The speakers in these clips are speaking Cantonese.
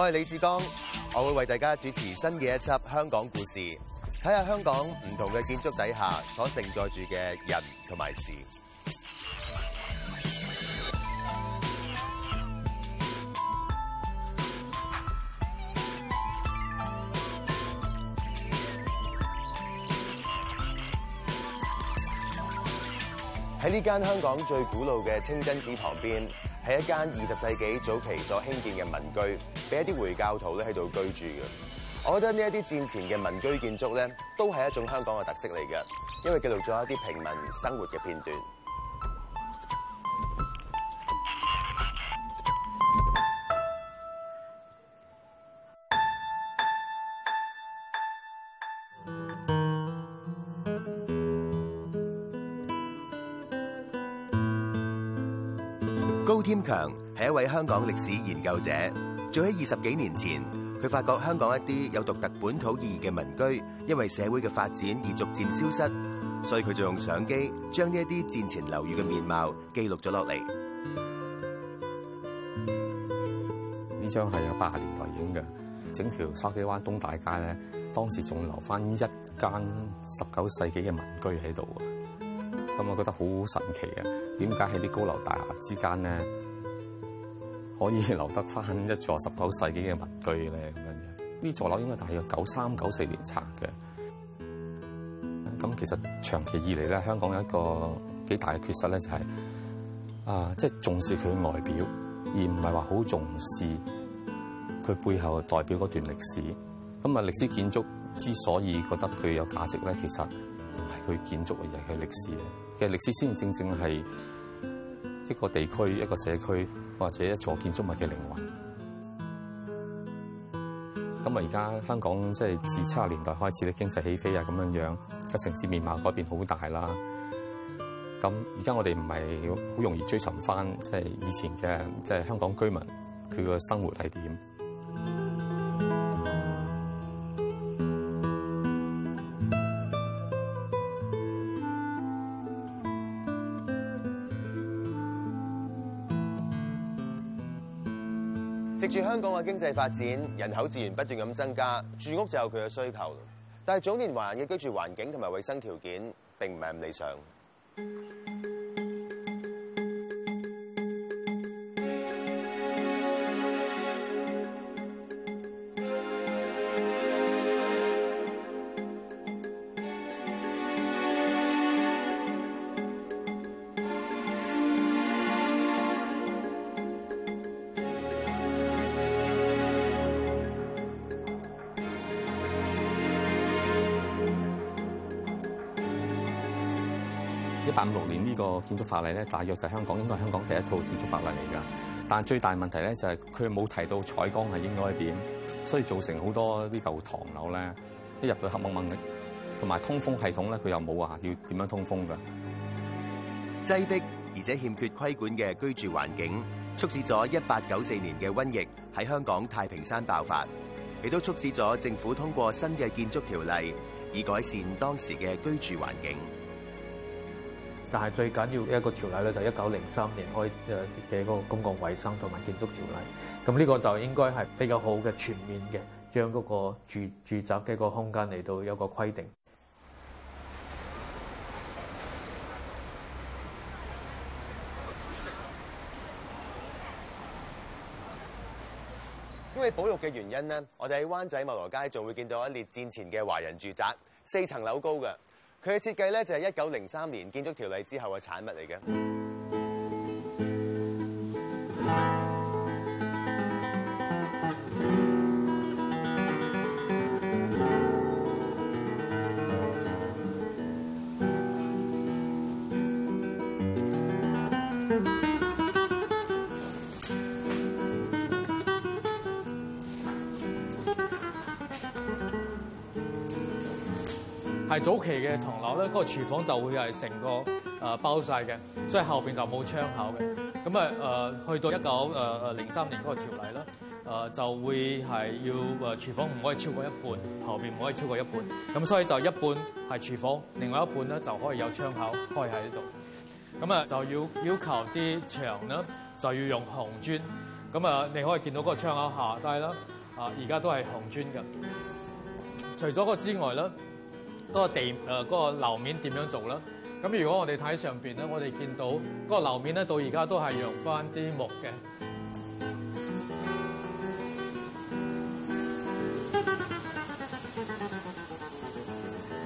我係李志剛，我會為大家主持新嘅一輯《香港故事》，睇下香港唔同嘅建築底下所承載住嘅人同埋事。喺呢間香港最古老嘅清真寺旁邊。係一間二十世紀早期所興建嘅民居，俾一啲回教徒咧喺度居住嘅。我覺得呢一啲戰前嘅民居建築咧，都係一種香港嘅特色嚟嘅，因為記錄咗一啲平民生活嘅片段。係一位香港歷史研究者，做喺二十幾年前，佢發覺香港一啲有獨特本土意義嘅民居，因為社會嘅發展而逐漸消失，所以佢就用相機將呢一啲戰前樓宇嘅面貌記錄咗落嚟。呢張係有八十年代影嘅，整條筲箕灣東大街咧，當時仲留翻一間十九世紀嘅民居喺度，啊。咁我覺得好神奇啊！點解喺啲高樓大廈之間咧，可以留得翻一座十九世紀嘅民居咧，咁樣。呢座樓應該大約九三九四年拆嘅。咁其實長期以嚟咧，香港有一個幾大嘅缺失咧，就係啊，就係啊，即係重視佢外表，而唔係話好重視佢背後代表嗰段歷史。咁啊，歷史建築之所以覺得佢有價值咧，其實唔係佢、哎、建築嘅就係佢歷史嘅，其實歷史先至正正係。一個地區、一個社區或者一座建築物嘅靈魂。咁啊，而家香港即係自七十年代開始咧，經濟起飛啊，咁樣樣個城市面貌改變好大啦。咁而家我哋唔係好容易追尋返，即係以前嘅即係香港居民佢個生活係點？經濟發展，人口自然不斷咁增加，住屋就有佢嘅需求。但係早年華人嘅居住環境同埋衛生條件，並唔係咁理想。年呢個建築法例咧，大約就係香港應該係香港第一套建築法例嚟㗎。但最大問題咧就係佢冇提到採光係應該係點，所以造成好多啲舊唐樓咧一入去黑擝擝嘅，同埋通風系統咧佢又冇話，要點樣通風㗎。擠迫而且欠缺規管嘅居住環境，促使咗一八九四年嘅瘟疫喺香港太平山爆發，亦都促使咗政府通過新嘅建築條例，以改善當時嘅居住環境。但係最緊要一個條例咧，就係一九零三年開誒嘅嗰個公共衞生同埋建築條例。咁呢個就應該係比較好嘅全面嘅，將嗰個住住宅嘅一個空間嚟到有個規定。因為保育嘅原因呢，我哋喺灣仔茂蘿街仲會見到一列戰前嘅華人住宅，四層樓高嘅。佢嘅設計呢就係一九零三年建築條例之後嘅產物嚟嘅。係早期嘅唐樓咧，嗰、那個廚房就會係成個誒、呃、包晒嘅，所以後邊就冇窗口嘅。咁誒誒去到一九誒誒零三年嗰個條例啦，誒、呃、就會係要誒廚房唔可以超過一半，後邊唔可以超過一半，咁所以就一半係廚房，另外一半咧就可以有窗口開喺呢度。咁啊就要要求啲牆咧就要用紅磚。咁啊你可以見到嗰個窗口下底啦，啊而家都係紅磚嘅。除咗嗰之外咧。嗰個地誒嗰、呃嗰個樓面點樣做啦？咁如果我哋睇上邊咧，我哋見到嗰個樓面咧，到而家都係用翻啲木嘅。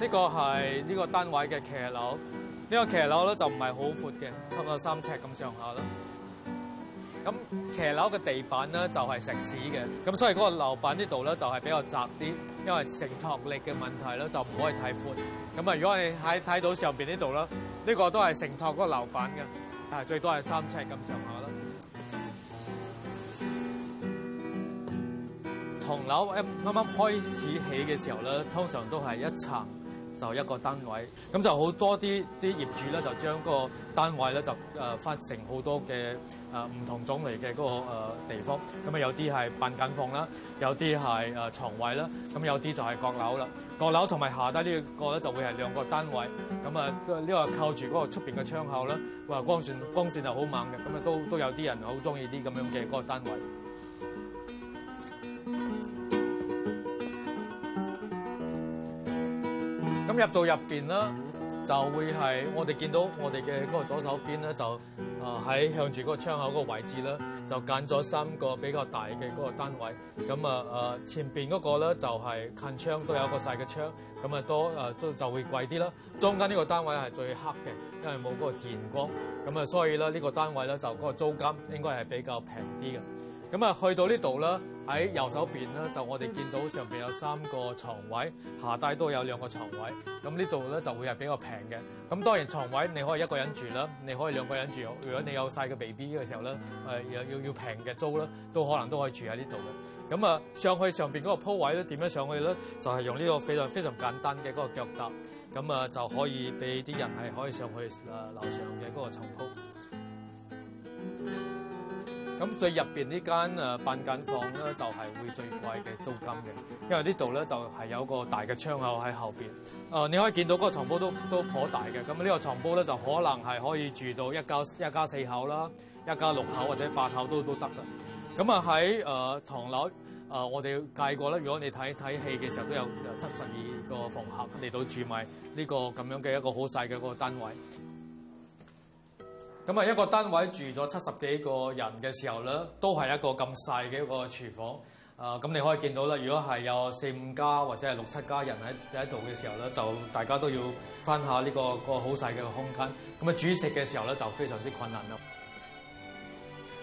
呢個係呢個單位嘅騎樓，呢、呢個騎樓咧就唔係好闊嘅，差唔多三尺咁上下啦。騎樓嘅地板咧就係石屎嘅，咁所以嗰個樓板呢度咧就係比較窄啲，因為承托力嘅問題咧就唔可以太寬。咁啊，如果係喺睇到上邊呢度啦，呢個都係承托嗰個樓板嘅，但係最多係三尺咁上下啦。唐樓啱啱開始起嘅時候咧，通常都係一層。一個單位，咁就好多啲啲業主咧，就將個單位咧就、呃、發成好多嘅、呃、唔同種類嘅嗰、嗰個、呃、地方。咁啊，有啲係板間房啦，有啲係、呃、床位啦，咁有啲就係閣樓啦。閣樓同埋下低呢個咧就會係兩個單位。咁啊，呢個靠住嗰個出面嘅窗口啦，佢話光線光線係好猛嘅。咁啊，都都有啲人好中意啲咁樣嘅嗰個單位。咁入到入面呢，就會係我哋見到我哋嘅左手邊咧，就喺向住嗰個窗口嗰個位置咧，就揀咗三個比較大嘅嗰個單位。咁啊，前邊嗰個咧就係近窗，都有個細嘅窗。咁啊都啊都就會貴啲啦。中間呢個單位係最黑嘅，因為冇嗰個自然光。咁啊，所以咧呢個單位咧就嗰個租金應該係比較平啲嘅。咁啊，去到呢度咧，喺右手邊咧，就我哋見到上面有三個床位，下底都有兩個床位。咁呢度咧就會係比較平嘅。咁當然床位你可以一個人住啦，你可以兩個人住。如果你有細嘅 BB 嘅時候咧，要要平嘅租啦，都可能都可以住喺呢度嘅。咁啊，上去上面嗰個鋪位咧，點樣上去咧？就係用呢個非常非常簡單嘅嗰個腳踏，咁啊就可以俾啲人係可以上去誒樓上嘅嗰個牀鋪。咁最入邊間辦呢間誒板間房咧，就係、是、會最貴嘅租金嘅，因為呢度咧就係、是、有個大嘅窗口喺後邊。誒、呃，你可以見到個床鋪都都頗大嘅，咁呢個床鋪咧就可能係可以住到一家一家四口啦，一家六口或者八口都都得嘅。咁啊喺誒唐樓誒，我哋計過咧，如果你睇睇戲嘅時候都有七十二個房客嚟到住埋、這、呢個咁樣嘅一個好細嘅個個單位。咁一個單位住咗七十幾個人嘅時候呢，都係一個咁細嘅一個廚房。啊、呃，咁你可以見到啦，如果係有四五家或者係六七家人喺喺度嘅時候呢，就大家都要分下呢、這個、這個好細嘅空間。咁煮食嘅時候呢，就非常之困難了。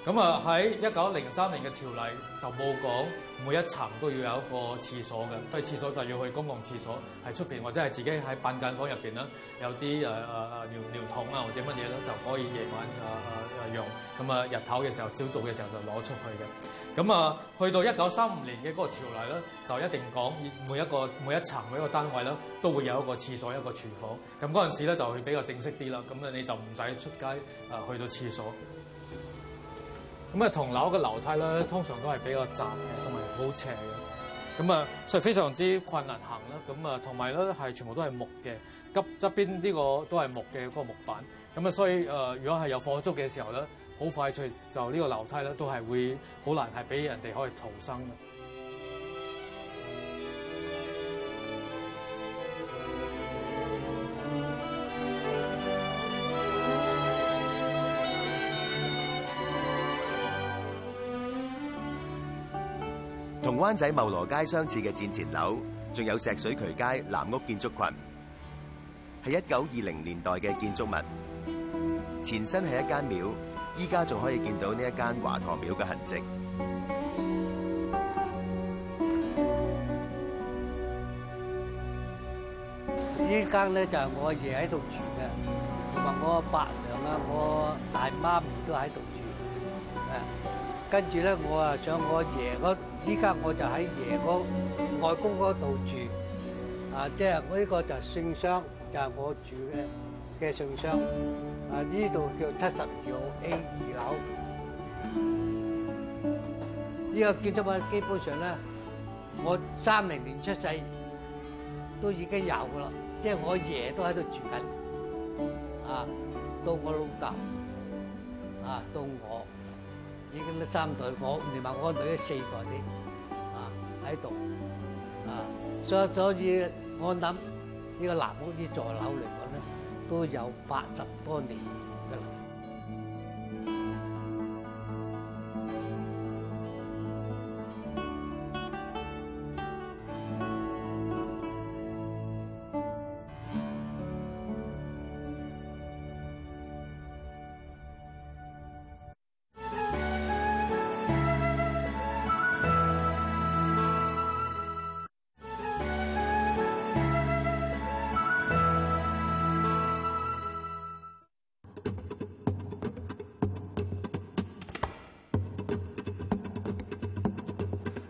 咁啊，喺一九零三年嘅條例就冇講每一層都要有一個廁所嘅，所以廁所就要去公共廁所，喺出邊，或面、呃呃呃啊，或者係自己喺辦間房入面，啦，有啲誒尿尿桶啊或者乜嘢咧就可以夜晚、呃呃、用，咁啊日頭嘅時候、朝早嘅時候就攞出去嘅。咁啊，去到一九三五年嘅嗰個條例咧，就一定講每一個每一層每一個單位咧都會有一個廁所、一個廚房，咁嗰陣時咧就會比較正式啲啦，咁啊，你就唔使出街啊、呃、去到廁所。咁啊，唐樓嘅樓梯咧，通常都係比較窄嘅，同埋好斜嘅。咁啊，所以非常之困難行啦。咁啊，同埋咧係全部都係木嘅，急側邊呢個都係木嘅嗰，那個木板。咁啊，所以誒、呃，如果係有火燭嘅時候咧，好快脆就個樓呢個樓梯咧，都係會好難係俾人哋可以逃生嘅。灣仔茂羅街相似嘅戰前樓，仲有石水渠街藍屋建築群，係一九二零年代嘅建築物。前身係一間廟，依家仲可以見到呢一間華佗廟嘅痕跡。依間咧就係我爺喺度住嘅，同埋我阿伯娘啦、我大媽都喺度住，誒。跟住咧，我啊想我阿爺嗰，依家我就喺爺嗰外公嗰度住，啊即係、就係、我呢個就姓商，就係、我住嘅嘅姓商，啊呢度叫七十二號 A 二樓，呢、這個建築物基本上咧，我三零年出世都已經有噶啦，即、就、係、是、我阿爺都喺度住緊，啊到我老豆，啊到我。已經咧三代，我連埋我個女咧四代啲啊喺度啊，所以所以我諗呢這個南屋啲座樓嚟講咧，都有八十多年。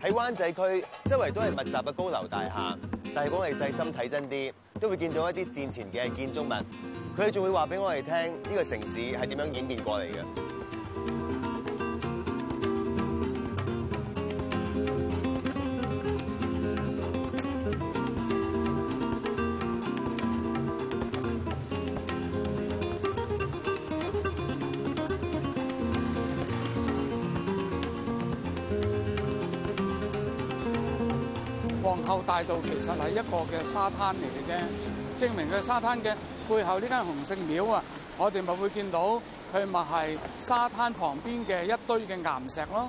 喺灣仔區周圍都係密集嘅高樓大廈，但係如果我哋細心睇真啲，都會見到一啲戰前嘅建築物。佢哋仲會話畀我哋聽呢個城市係點樣演變過嚟嘅。度其實係一個嘅沙灘嚟嘅啫，證明佢沙灘嘅背後呢間洪聖廟啊，我哋咪會見到佢咪係沙灘旁邊嘅一堆嘅岩石咯。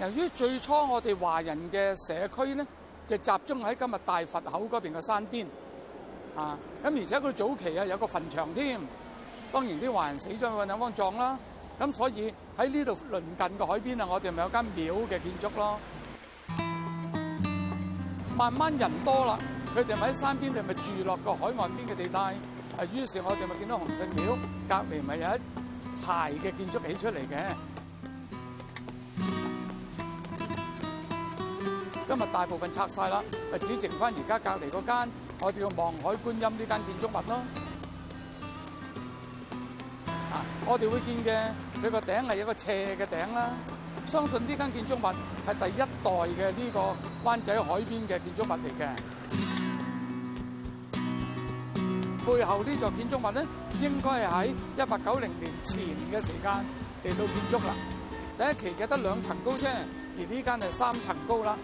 由於最初我哋華人嘅社區咧，就集中喺今日大佛口嗰邊嘅山邊啊，咁而且佢早期啊有個墳場添，當然啲華人死咗咪喺度安葬啦。咁所以喺呢度鄰近嘅海邊啊，我哋咪有間廟嘅建築咯。慢慢人多啦，佢哋咪喺山邊，佢咪住落個海岸邊嘅地帶。啊，於是我就咪見到洪聖廟，隔離咪有一排嘅建築起出嚟嘅。嗯、今日大部分拆晒啦，啊，只剩翻而家隔離嗰間，我哋叫望海觀音呢間建築物咯。啊，我哋會見嘅佢個頂係一個斜嘅頂啦。相信呢間建築物係第一代嘅呢個灣仔海邊嘅建築物嚟嘅。背後呢座建築物咧，應該係喺一八九零年前嘅時間嚟到建築啦。第一期嘅得兩層高啫，而呢間係三層高啦。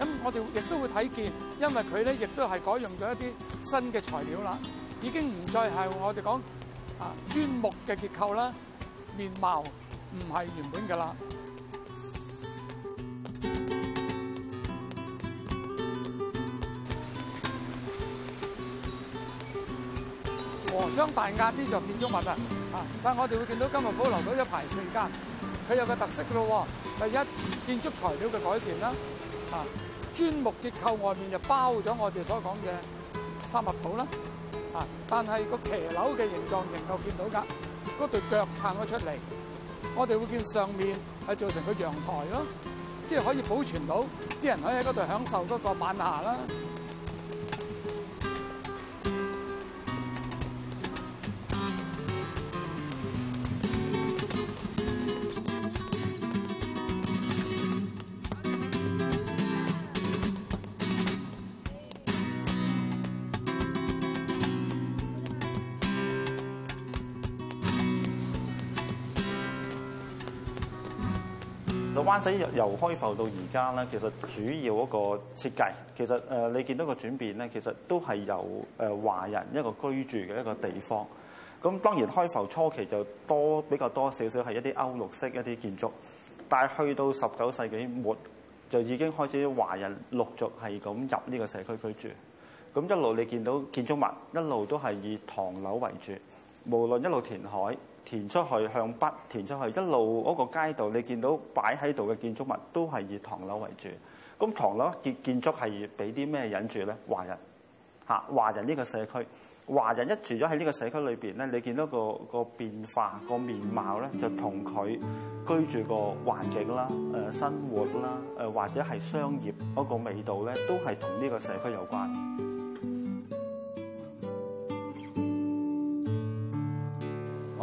咁我哋亦都會睇見，因為佢咧亦都係改用咗一啲新嘅材料啦，已經唔再係我哋講啊磚木嘅結構啦，面貌唔係原本㗎啦。窗、哦、大壓啲就建築物啊！但我哋會見到今日保留到一排四間，佢有個特色嘅咯。第一，建築材料嘅改善啦，啊，磚木結構外面就包咗我哋所講嘅三合土啦。啊，但係個騎樓嘅形狀仍舊見到㗎，嗰對腳撐咗出嚟。我哋會見上面係做成個陽台咯、啊，即係可以保存到啲人可以喺嗰度享受嗰個晚霞啦。灣仔由開埠到而家咧，其實主要嗰個設計，其實誒你見到個轉變咧，其實都係由誒華人一個居住嘅一個地方。咁當然開埠初期就多比較多少少係一啲歐陸式一啲建築，但係去到十九世紀末就已經開始華人陸續係咁入呢個社區居住。咁一路你見到建築物一路都係以唐樓為主。無論一路填海，填出去向北，填出去一路嗰個街道，你見到擺喺度嘅建築物都係以唐樓為主。咁唐樓建建築係俾啲咩人住咧？華人吓、啊、華人呢個社區，華人一住咗喺呢個社區裏面，咧，你見到，嗰個嗰個變化，嗰個面貌咧，就同佢居住個環境啦、呃、生活啦、呃、或者係商業嗰個味道咧，都係同呢個社區有關。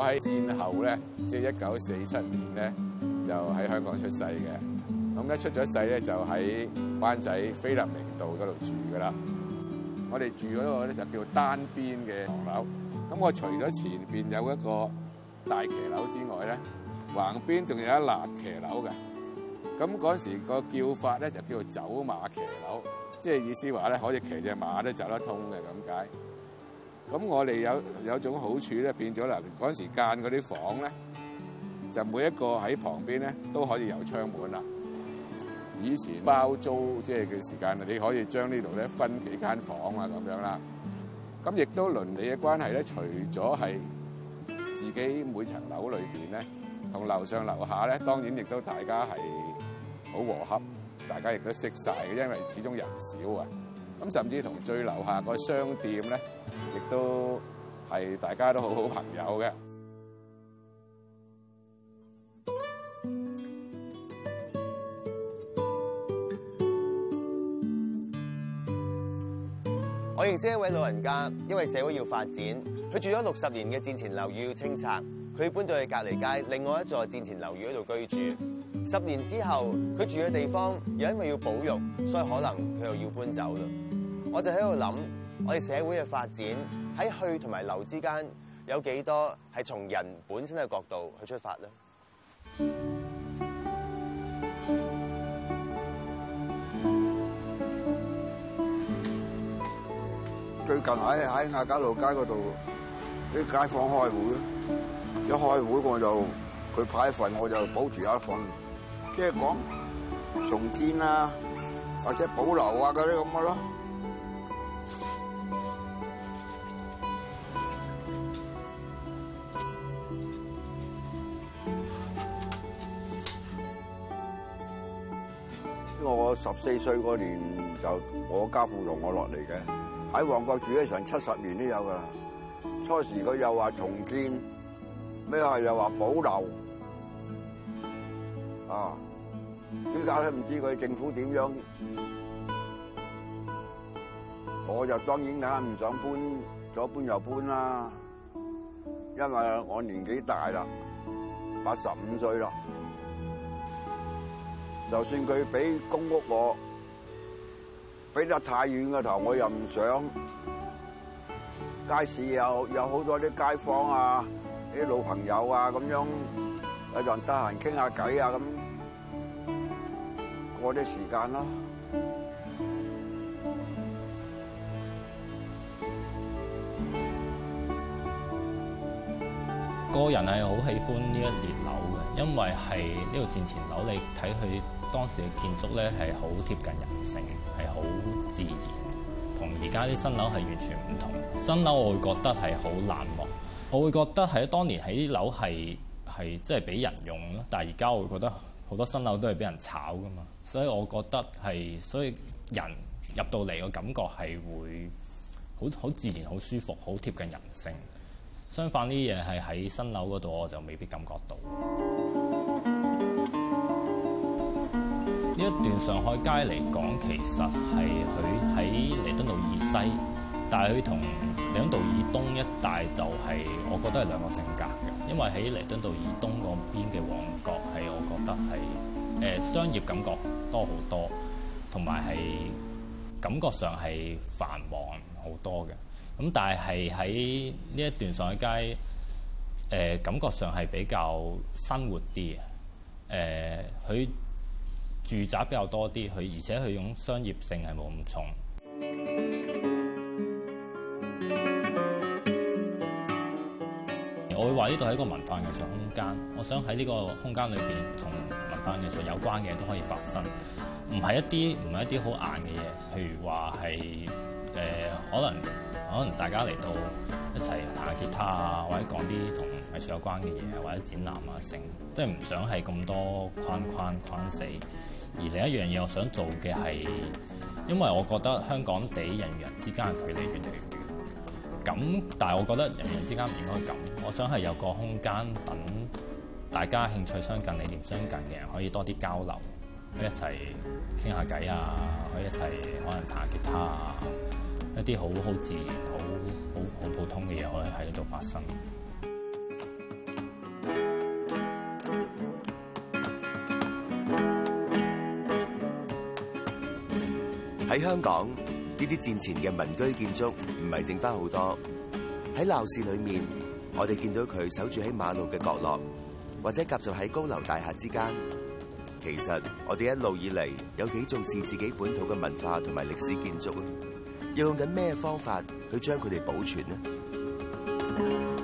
我喺戰後咧，即係一九四七年咧，就喺香港出世嘅。咁一出咗世咧，就喺灣仔菲林明道嗰度住噶啦。我哋住嗰個咧就叫單邊嘅唐樓。咁我除咗前邊有一個大騎樓之外咧，橫邊仲有一辣騎樓嘅。咁嗰時個叫法咧就叫做走馬騎樓，即係意思話咧可以騎隻馬都走得通嘅咁解。咁我哋有有種好處咧，變咗啦嗰陣時間嗰啲房咧，就每一個喺旁邊咧都可以有窗門啦。以前包租即係嘅時間啊，你可以將呢度咧分幾間房啊咁樣啦。咁亦都鄰里嘅關係咧，除咗係自己每層樓裏邊咧，同樓上樓下咧，當然亦都大家係好和洽，大家亦都識晒嘅，因為始終人少啊。咁甚至同最樓下個商店咧，亦都係大家都好好朋友嘅。我認識一位老人家，因為社會要發展，佢住咗六十年嘅戰前樓宇要清拆，佢搬到去隔離街另外一座戰前樓宇嗰度居住。十年之後，佢住嘅地方又因為要保育，所以可能佢又要搬走啦。我就喺度諗，我哋社會嘅發展喺去同埋留之間有幾多係從人本身嘅角度去出發咧？最近喺喺亞皆老街嗰度啲街坊開會，一開會我就佢派一份，我就保住一份。即係講重建啊，或者保留啊嗰啲咁嘅咯。因為我十四歲嗰年就我家父同我落嚟嘅，喺旺角住咗成七十年都有噶啦。初時佢又話重建，咩啊又話保留，啊。而家都唔知佢政府點樣，我就當然啦，唔想搬左搬右搬啦，因為我年紀大啦，八十五歲啦，就算佢俾公屋我，俾得太遠個頭我又唔想，街市有有好多啲街坊啊，啲老朋友啊咁樣，誒仲得閒傾下偈啊咁。我啲時間啦，個人係好喜歡呢一列樓嘅，因為係呢個戰前，前樓，你睇佢當時嘅建築咧係好貼近人性，係好自然，同而家啲新樓係完全唔同。新樓我會覺得係好冷漠，我會覺得喺當年喺啲樓係即係俾人用咯，但係而家我會覺得。好多新樓都係俾人炒㗎嘛，所以我覺得係，所以人入到嚟個感覺係會好好自然、好舒服、好貼近人性。相反這些東西，呢啲嘢係喺新樓嗰度，我就未必感覺到。呢 一段上海街嚟講，其實係佢喺彌敦道以西。但係佢同彌敦道以東一帶就係、是，我覺得係兩個性格嘅，因為喺彌敦道以東嗰邊嘅旺角係，我覺得係誒、呃、商業感覺多好多，同埋係感覺上係繁忙好多嘅。咁但係喺呢一段上海街，誒、呃、感覺上係比較生活啲，誒、呃、佢住宅比較多啲，佢而且佢用商業性係冇咁重。佢話：呢度係一個文化藝術空間，我想喺呢個空間裏邊，同文化藝術有關嘅嘢都可以發生，唔係一啲唔係一啲好硬嘅嘢。譬如話係誒，可能可能大家嚟到一齊彈下吉他啊，或者講啲同藝術有關嘅嘢，或者展覽啊，成即係唔想係咁多框框框死。而另一樣嘢，我想做嘅係，因為我覺得香港地人與人之間嘅距離越嚟越。咁，但係我覺得人人之間唔應該咁。我想係有個空間等大家興趣相近、理念相近嘅人可以多啲交流，可以一齊傾下偈啊，可以一齊可能彈下吉他啊，一啲好好自然、好好好普通嘅嘢可以喺度發生。喺香港。呢啲戰前嘅民居建築唔係剩返好多，喺鬧市裏面，我哋見到佢守住喺馬路嘅角落，或者夾住喺高樓大廈之間。其實我哋一路以嚟有幾重視自己本土嘅文化同埋歷史建築啊？要用緊咩方法去將佢哋保存呢？